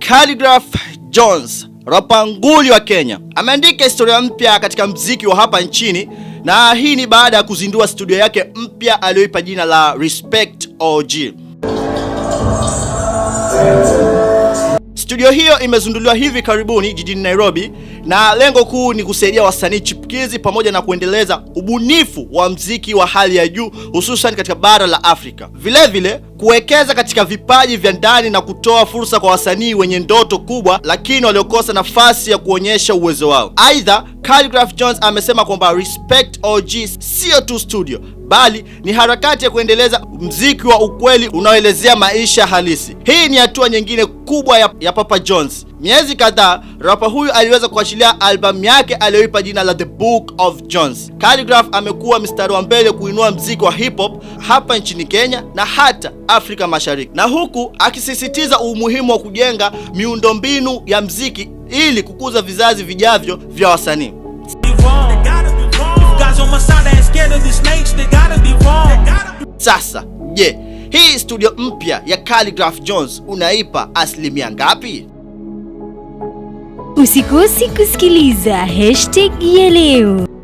Calligraph Jones, rapa nguli wa Kenya, ameandika historia mpya katika mziki wa hapa nchini na hii ni baada ya kuzindua studio yake mpya aliyoipa jina la Respect OG. Studio hiyo imezinduliwa hivi karibuni jijini Nairobi na lengo kuu ni kusaidia wasanii chipukizi pamoja na kuendeleza ubunifu wa mziki wa hali ya juu hususan katika bara la Afrika. Vilevile kuwekeza katika vipaji vya ndani na kutoa fursa kwa wasanii wenye ndoto kubwa lakini waliokosa nafasi ya kuonyesha uwezo wao. Aidha, Khaligraph Jones amesema kwamba Respect OG sio tu studio bali ni harakati ya kuendeleza mziki wa ukweli unaoelezea maisha halisi. Hii ni hatua nyingine kubwa ya, ya Papa Jones Miezi kadhaa rapa huyu aliweza kuachilia albamu yake aliyoipa jina la The Book of Jones. Khaligraph amekuwa mstari wa mbele kuinua mziki wa hip hop hapa nchini Kenya na hata Afrika Mashariki, na huku akisisitiza umuhimu wa kujenga miundombinu ya mziki ili kukuza vizazi vijavyo vya wasanii. Sasa je, yeah, hii studio mpya ya Khaligraph Jones unaipa asilimia ngapi? Usikose kusikiliza hashtag ya leo.